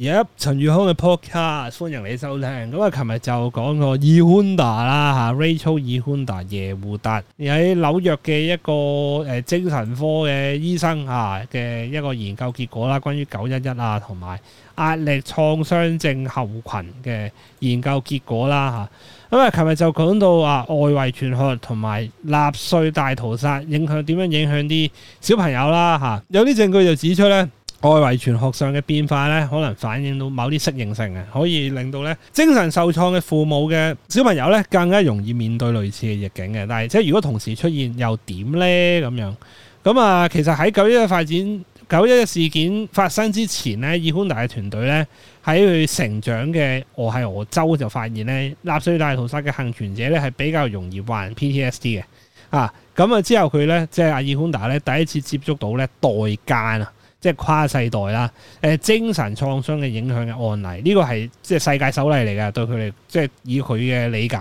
而、yep, 家陳宇康嘅 podcast，歡迎你收聽。咁啊，琴日就講個 Ehonda 啦，嚇 Rachel Ehonda 耶胡達，喺紐約嘅一個誒精神科嘅醫生嚇嘅一個研究結果啦，關於九一一啊，同埋壓力創傷症候群嘅研究結果啦嚇。咁啊，琴日就講到話外圍傳學同埋納粹大屠殺影響點樣影響啲小朋友啦嚇。有啲證據就指出咧。外遺傳學上嘅變化咧，可能反映到某啲適應性嘅，可以令到咧精神受創嘅父母嘅小朋友咧，更加容易面對類似嘅逆境嘅。但係即係如果同時出現又點咧咁樣？咁啊，其實喺九一嘅發展，九一嘅事件發生之前咧，伊昆達嘅團隊咧喺佢成長嘅俄亥俄州就發現咧，納粹大屠殺嘅幸存者咧係比較容易患 PTSD 嘅。啊，咁啊之後佢咧即係阿伊昆達咧第一次接觸到咧代間啊。即係跨世代啦，誒精神創傷嘅影響嘅案例，呢個係即係世界首例嚟㗎，對佢哋，即係以佢嘅理解，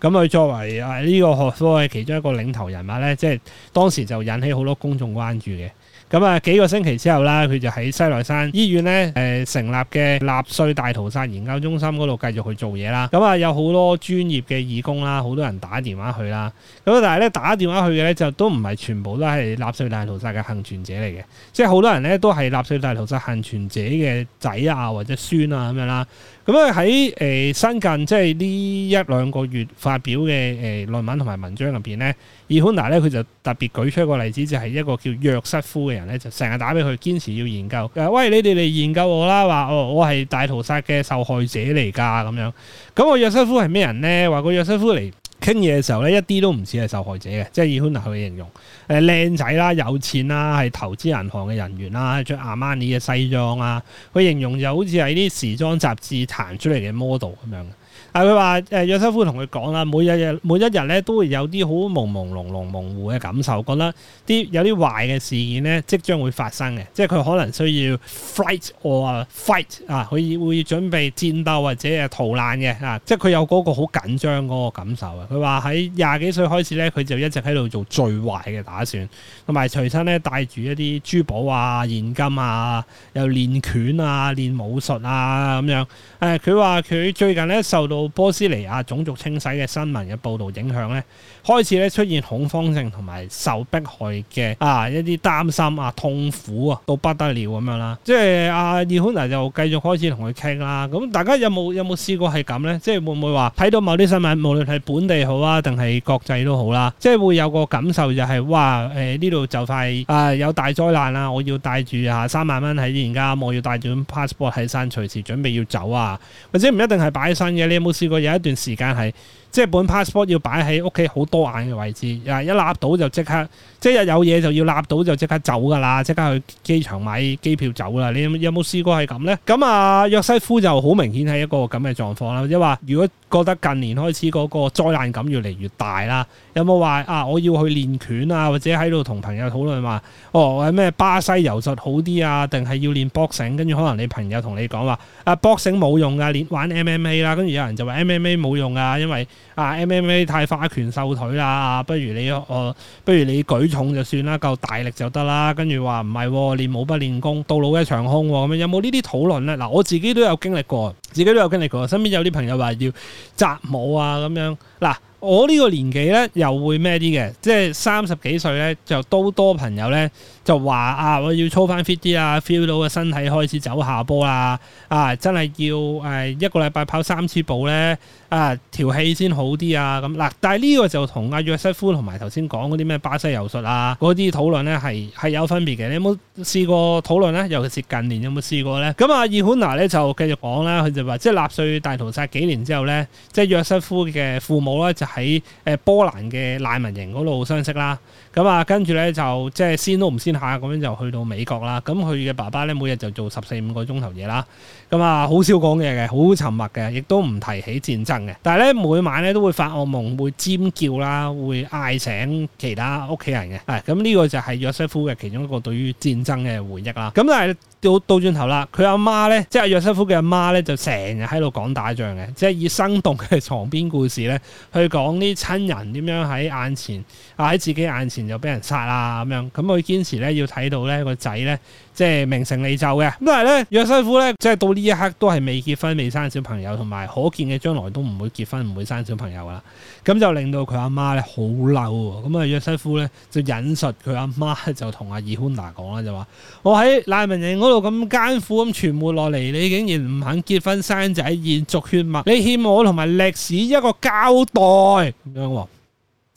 咁佢作為啊呢個學科嘅其中一個領頭人物咧，即係當時就引起好多公眾關注嘅。咁啊幾個星期之後啦，佢就喺西來山醫院咧成立嘅納粹大屠殺研究中心嗰度繼續去做嘢啦。咁啊有好多專業嘅義工啦，好多人打電話去啦。咁但係咧打電話去嘅咧就都唔係全部都係納粹大屠殺嘅幸存者嚟嘅，即係好多人咧都係納粹大屠殺幸存者嘅仔啊或者孫啊咁樣啦。咁啊喺新近即係呢一兩個月發表嘅誒論文同埋文章入邊咧易歡娜呢，咧佢就特別舉出一個例子，就係、是、一個叫約瑟夫嘅。人咧就成日打俾佢，堅持要研究。喂，你哋嚟研究我啦，話哦，我係大屠殺嘅受害者嚟㗎咁樣。咁我約瑟夫係咩人咧？話個約瑟夫嚟傾嘢嘅時候咧，一啲都唔似係受害者嘅，即係以亨納佢嘅形容誒靚仔啦，有錢啦，係投資銀行嘅人員啦，着阿瑪尼嘅西裝啊，佢形容就好似係啲時裝雜誌彈出嚟嘅 model 咁樣。佢話誒約瑟夫同佢講啦，每日日每一日咧都會有啲好朦朦朧朧模糊嘅感受，覺得啲有啲壞嘅事件咧即將會發生嘅，即係佢可能需要 fight or fight 啊！佢會準備戰鬥或者係逃難嘅啊！即係佢有嗰個好緊張嗰個感受嘅。佢話喺廿幾歲開始咧，佢就一直喺度做最壞嘅打算，同埋隨身咧帶住一啲珠寶啊、現金啊，又練拳啊、練武術啊咁樣。誒，佢話佢最近咧受到到波斯尼亞種族清洗嘅新聞嘅報導影響咧，開始咧出現恐慌性同埋受迫害嘅啊一啲擔心啊，痛苦啊到不得了咁樣啦，即係阿葉寬來就繼續開始同佢傾啦。咁、啊、大家有冇有冇試過係咁呢？即係會唔會話睇到某啲新聞，無論係本地好啊定係國際都好啦，即係會有個感受就係、是、哇誒呢度就快啊有大災難啦！我要帶住啊三萬蚊喺而家，我要帶住本 passport 喺身，隨時準備要走啊，或者唔一定係擺喺身嘅，你冇試過有一段時間係。即係本 passport 要擺喺屋企好多眼嘅位置，啊一立到就即刻，即係有嘢就要立到就即刻走噶啦，即刻去機場買機票走啦。你有冇試過係咁呢？咁啊約瑟夫就好明顯係一個咁嘅狀況啦，即係話如果覺得近年開始嗰個災難感越嚟越大啦，有冇話啊我要去練拳啊，或者喺度同朋友討論話，哦我咩、啊、巴西柔術好啲啊？定係要練 boxing？跟住可能你朋友同你講話啊 boxing 冇用噶，練玩 mma 啦，跟住有人就話 mma 冇用啊，因為啊！MMA 太花拳繡腿啦，不如你，誒、呃，不如你舉重就算啦，夠大力就得啦。跟住話唔係練武不練功，到老一場空咁、哦、樣。有冇呢啲討論呢？嗱、啊，我自己都有經歷過。自己都有經歷過，身邊有啲朋友話要習武啊咁樣。嗱、啊，我呢個年紀呢，又會咩啲嘅，即係三十幾歲呢，就都多，多朋友呢，就話啊，我要操翻 fit 啲啊，feel 到個身體開始走下坡啦啊，真係要、啊、一個禮拜跑三次步呢，啊，調氣先好啲啊咁嗱、啊。但係呢個就同阿約瑟夫同埋頭先講嗰啲咩巴西柔術啊嗰啲討論呢，係有分別嘅。你有冇試過討論呢？尤其是近年有冇試過呢？咁啊，易庫娜呢，就繼續講啦，佢就。即係納粹大屠殺幾年之後咧，即係約瑟夫嘅父母咧就喺誒波蘭嘅難民營嗰度相識啦。咁啊，跟住咧就即係先都唔先下，咁樣就去到美國啦。咁佢嘅爸爸咧每日就做十四五個鐘頭嘢啦。咁啊，好少講嘢嘅，好沉默嘅，亦都唔提起戰爭嘅。但係咧每晚咧都會發惡夢，會尖叫啦，會嗌醒其他屋企人嘅。係咁，呢個就係約瑟夫嘅其中一個對於戰爭嘅回憶啦。咁但係到到轉頭啦，佢阿媽咧，即係約瑟夫嘅阿媽咧就。成日喺度講打仗嘅，即係以生動嘅床邊故事咧，去講啲親人點樣喺眼前啊，喺自己眼前就俾人殺啦咁樣。咁佢堅持咧要睇到咧個仔咧，即係名成利就嘅。咁但係咧約瑟夫咧，即係到呢一刻都係未結婚、未生小朋友，同埋可見嘅將來都唔會結婚、唔會生小朋友啦。咁就令到佢阿媽咧好嬲，咁啊約瑟夫咧就引述佢阿媽就同阿爾寬達講啦，就話：我喺難民營嗰度咁艱苦咁存活落嚟，你竟然唔肯結婚！生仔延續血脈，你欠我同埋歷史一個交代咁樣。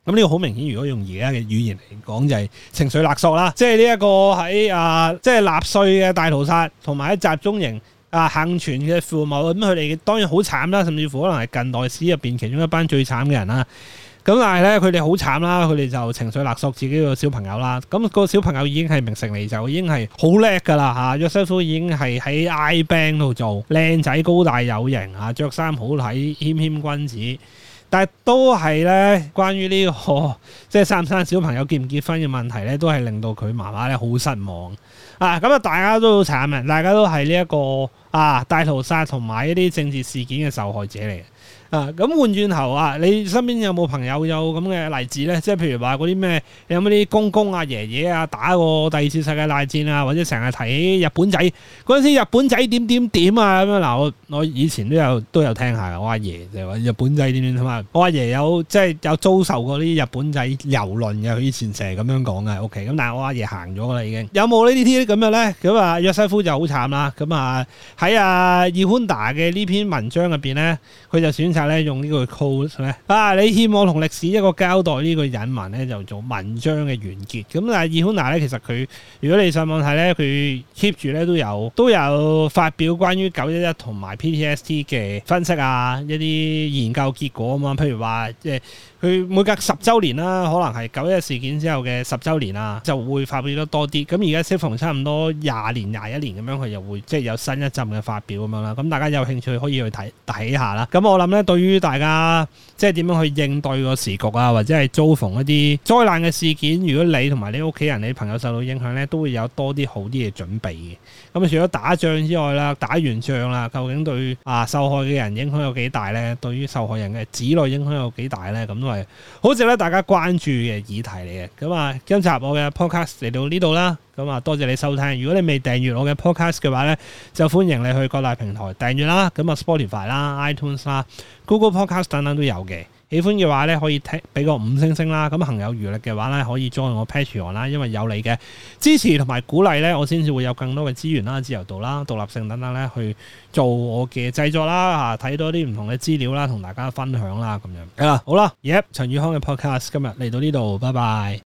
咁呢個好明顯，如果用而家嘅語言嚟講，就係情緒勒索啦。即係呢一個喺啊，即係納粹嘅大屠殺，同埋喺集中營啊幸存嘅父母，咁佢哋當然好慘啦，甚至乎可能係近代史入邊其中一班最慘嘅人啦。咁但係咧，佢哋好慘啦，佢哋就情緒勒索自己個小朋友啦。咁、那個小朋友已經係名成利就，已經係好叻噶啦嚇，約瑟夫已經係喺 n 兵度做，靚仔高大有型嚇，著衫好睇，謙謙君子。但係都係咧，關於呢、這個即係生唔生小朋友結唔結婚嘅問題咧，都係令到佢媽媽咧好失望啊！咁啊，大家都慘啊，大家都係呢一個。啊，大屠殺同埋一啲政治事件嘅受害者嚟嘅。啊，咁換轉頭啊，你身邊有冇朋友有咁嘅例子呢？即係譬如話嗰啲咩，有冇啲公公啊、爺爺啊，打過第二次世界大戰啊，或者成日睇日本仔嗰陣時，日本仔點點點啊咁樣嗱，我、啊、我以前都有都有聽下我阿爺就話日本仔點點啊，我阿爺有即係、就是、有遭受過啲日本仔蹂躪嘅，佢以前成日咁樣講嘅 OK，咁但係我阿爺行咗噶啦，已經了了，有冇呢啲啲咁嘅呢？咁啊，約瑟夫就好慘啦。咁啊～喺阿伊寬達嘅呢篇文章入邊呢，佢就選擇咧用呢個 close 咧，啊，你欠我同歷史一個交代呢個引文呢，就做文章嘅完結。咁但係伊寬達呢，其實佢如果你上網睇呢，佢 keep 住呢都有都有發表關於九一一同埋 PTSD 嘅分析啊，一啲研究結果啊嘛。譬如話，即係佢每隔十週年啦，可能係九一一事件之後嘅十週年啊，就會發表得多啲。咁而家適逢差唔多廿年廿一年咁樣，佢又會即係、就是、有新一針。嘅發表咁樣啦，咁大家有興趣可以去睇睇下啦。咁我諗咧，對於大家。即係點樣去應對個時局啊？或者係遭逢一啲災難嘅事件，如果你同埋你屋企人、你朋友受到影響咧，都會有多啲好啲嘅準備嘅。咁啊，除咗打仗之外啦，打完仗啦，究竟對啊受害嘅人影響有幾大咧？對於受害人嘅子女影響有幾大咧？咁都係好值得大家關注嘅議題嚟嘅。咁啊，今集我嘅 podcast 嚟到呢度啦。咁啊，多謝你收聽，如果你未訂閱我嘅 podcast 嘅話咧，就歡迎你去各大平台訂閱啦。咁啊，Spotify 啦、iTunes 啦、Google Podcast 等等都有嘅。喜歡嘅話咧，可以聽俾個五星星啦。咁行有餘力嘅話咧，可以 join 我 Patreon 啦。因為有你嘅支持同埋鼓勵咧，我先至會有更多嘅資源啦、自由度啦、獨立性等等咧，去做我嘅製作啦。吓，睇多啲唔同嘅資料啦，同大家分享啦，咁樣。係啦。好啦，Yep，陳宇康嘅 Podcast 今日嚟到呢度，拜拜。